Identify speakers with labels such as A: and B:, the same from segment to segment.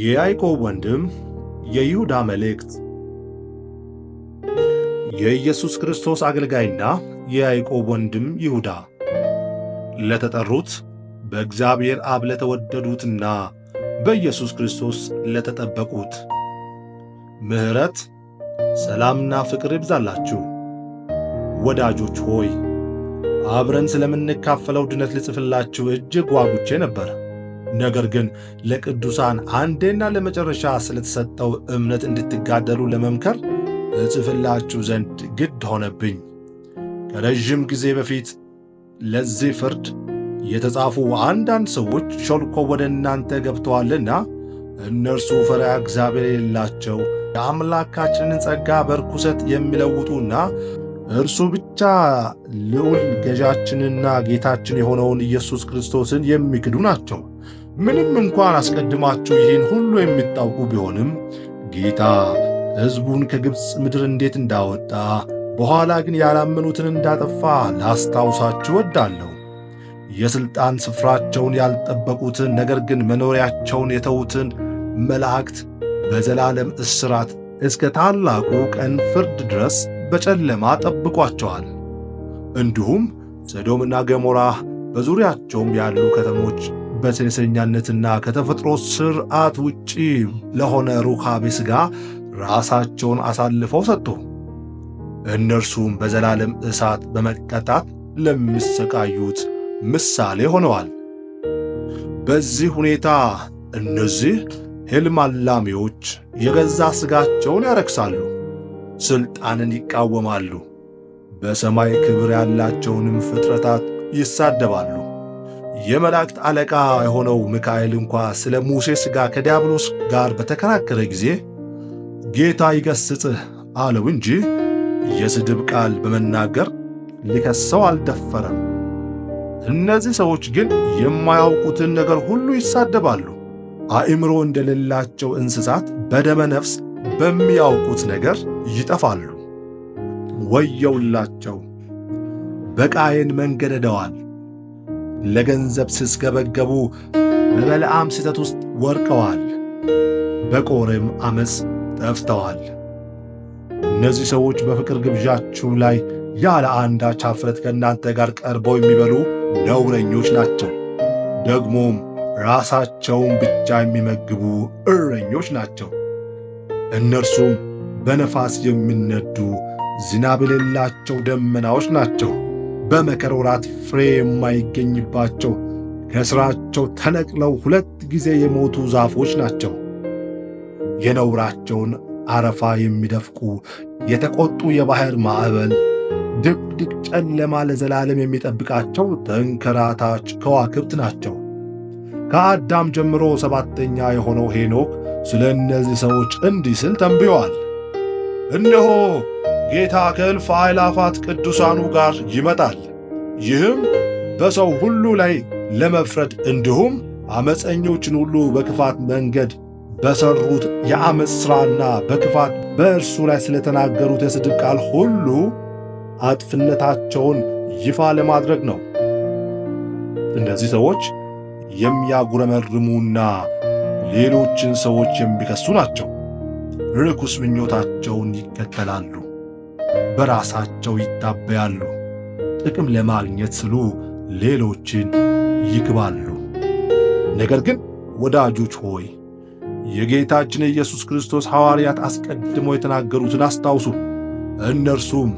A: የያዕቆብ ወንድም የይሁዳ መልእክት የኢየሱስ ክርስቶስ አገልጋይና የያዕቆብ ወንድም ይሁዳ ለተጠሩት በእግዚአብሔር አብ ለተወደዱትና በኢየሱስ ክርስቶስ ለተጠበቁት ምሕረት ሰላምና ፍቅር ይብዛላችሁ። ወዳጆች ሆይ አብረን ስለምንካፈለው ድነት ልጽፍላችሁ እጅግ ጓጉቼ ነበር። ነገር ግን ለቅዱሳን አንዴና ለመጨረሻ ስለተሰጠው እምነት እንድትጋደሉ ለመምከር እጽፍላችሁ ዘንድ ግድ ሆነብኝ። ከረዥም ጊዜ በፊት ለዚህ ፍርድ የተጻፉ አንዳንድ ሰዎች ሾልኮ ወደ እናንተ ገብተዋልና እነርሱ ፈሪሃ እግዚአብሔር የሌላቸው የአምላካችንን ጸጋ በርኩሰት የሚለውጡና እርሱ ብቻ ልዑል ገዣችንና ጌታችን የሆነውን ኢየሱስ ክርስቶስን የሚክዱ ናቸው። ምንም እንኳን አስቀድማችሁ ይህን ሁሉ የምታውቁ ቢሆንም ጌታ ሕዝቡን ከግብፅ ምድር እንዴት እንዳወጣ በኋላ ግን ያላመኑትን እንዳጠፋ ላስታውሳችሁ እወዳለሁ። የሥልጣን ስፍራቸውን ያልጠበቁትን ነገር ግን መኖሪያቸውን የተዉትን መላእክት በዘላለም እስራት እስከ ታላቁ ቀን ፍርድ ድረስ በጨለማ ጠብቋቸዋል። እንዲሁም ሰዶምና ገሞራ በዙሪያቸውም ያሉ ከተሞች በሴሰኛነትና ከተፈጥሮ ስርዓት ውጪ ለሆነ ሩካቤ ሥጋ ራሳቸውን አሳልፈው ሰጡ። እነርሱም በዘላለም እሳት በመቀጣት ለሚሰቃዩት ምሳሌ ሆነዋል። በዚህ ሁኔታ እነዚህ ሕልም አላሚዎች የገዛ ሥጋቸውን ያረክሳሉ፣ ሥልጣንን ይቃወማሉ፣ በሰማይ ክብር ያላቸውንም ፍጥረታት ይሳደባሉ። የመላእክት አለቃ የሆነው ሚካኤል እንኳ ስለ ሙሴ ሥጋ ከዲያብሎስ ጋር በተከራከረ ጊዜ ጌታ ይገስጽህ አለው እንጂ የስድብ ቃል በመናገር ሊከሰው አልደፈረም። እነዚህ ሰዎች ግን የማያውቁትን ነገር ሁሉ ይሳደባሉ። አእምሮ እንደሌላቸው እንስሳት በደመ ነፍስ በሚያውቁት ነገር ይጠፋሉ። ወየውላቸው! በቃየን መንገድ ሄደዋል። ለገንዘብ ሲስገበገቡ በበለዓም ስህተት ውስጥ ወርቀዋል። በቆሬም ዐመፅ ጠፍተዋል። እነዚህ ሰዎች በፍቅር ግብዣችሁ ላይ ያለ አንዳች አፍረት ከእናንተ ጋር ቀርበው የሚበሉ ነውረኞች ናቸው። ደግሞም ራሳቸውን ብቻ የሚመግቡ እረኞች ናቸው። እነርሱም በነፋስ የሚነዱ ዝናብ የሌላቸው ደመናዎች ናቸው። በመከር ወራት ፍሬ የማይገኝባቸው ከሥራቸው ተነቅለው ሁለት ጊዜ የሞቱ ዛፎች ናቸው። የነውራቸውን አረፋ የሚደፍቁ የተቆጡ የባሕር ማዕበል ድቅድቅ ጨለማ ለዘላለም የሚጠብቃቸው ተንከራታች ከዋክብት ናቸው። ከአዳም ጀምሮ ሰባተኛ የሆነው ሄኖክ ስለ እነዚህ ሰዎች እንዲህ ስል ተንብዮአል። እነሆ ጌታ ከእልፍ አእላፋት ቅዱሳኑ ጋር ይመጣል። ይህም በሰው ሁሉ ላይ ለመፍረድ እንዲሁም አመፀኞችን ሁሉ በክፋት መንገድ በሰሩት የአመፅ ሥራና በክፋት በእርሱ ላይ ስለተናገሩት የስድብ ቃል ሁሉ አጥፍነታቸውን ይፋ ለማድረግ ነው። እነዚህ ሰዎች የሚያጉረመርሙና ሌሎችን ሰዎች የሚከሱ ናቸው። ርኩስ ምኞታቸውን ይከተላሉ። በራሳቸው ይታበያሉ። ጥቅም ለማግኘት ስሉ ሌሎችን ይግባሉ። ነገር ግን ወዳጆች ሆይ የጌታችን ኢየሱስ ክርስቶስ ሐዋርያት አስቀድሞ የተናገሩትን አስታውሱ። እነርሱም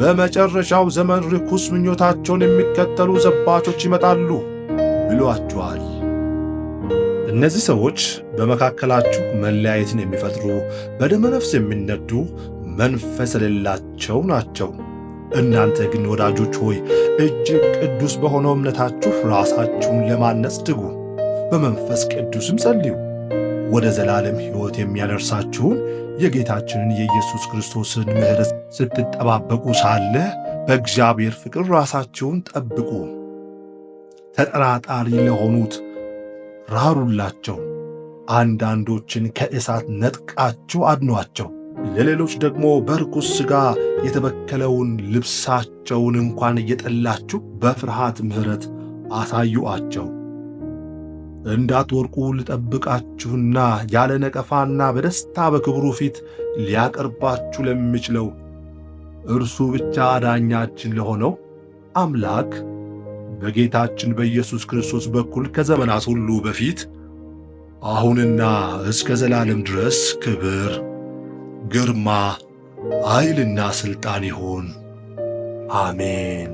A: በመጨረሻው ዘመን ርኩስ ምኞታቸውን የሚከተሉ ዘባቾች ይመጣሉ ብሏቸዋል። እነዚህ ሰዎች በመካከላችሁ መለያየትን የሚፈጥሩ፣ በደመ ነፍስ የሚነዱ፣ መንፈስ የሌላቸው ናቸው። እናንተ ግን ወዳጆች ሆይ እጅግ ቅዱስ በሆነው እምነታችሁ ራሳችሁን ለማነጽ ትጉ፣ በመንፈስ ቅዱስም ጸልዩ። ወደ ዘላለም ሕይወት የሚያደርሳችሁን የጌታችንን የኢየሱስ ክርስቶስን ምሕረት ስትጠባበቁ ሳለ በእግዚአብሔር ፍቅር ራሳችሁን ጠብቁ። ተጠራጣሪ ለሆኑት ራሩላቸው። አንዳንዶችን ከእሳት ነጥቃችሁ አድኗቸው። ለሌሎች ደግሞ በርኩስ ሥጋ የተበከለውን ልብሳቸውን እንኳን እየጠላችሁ በፍርሃት ምሕረት አሳዩአቸው። ወርቁ ልጠብቃችሁና ያለ ነቀፋና በደስታ በክብሩ ፊት ሊያቀርባችሁ ለሚችለው እርሱ ብቻ አዳኛችን ለሆነው አምላክ በጌታችን በኢየሱስ ክርስቶስ በኩል ከዘመናት ሁሉ በፊት አሁንና እስከ ዘላለም ድረስ ክብር ግርማ፣ ኃይልና ሥልጣን ይሁን። አሜን።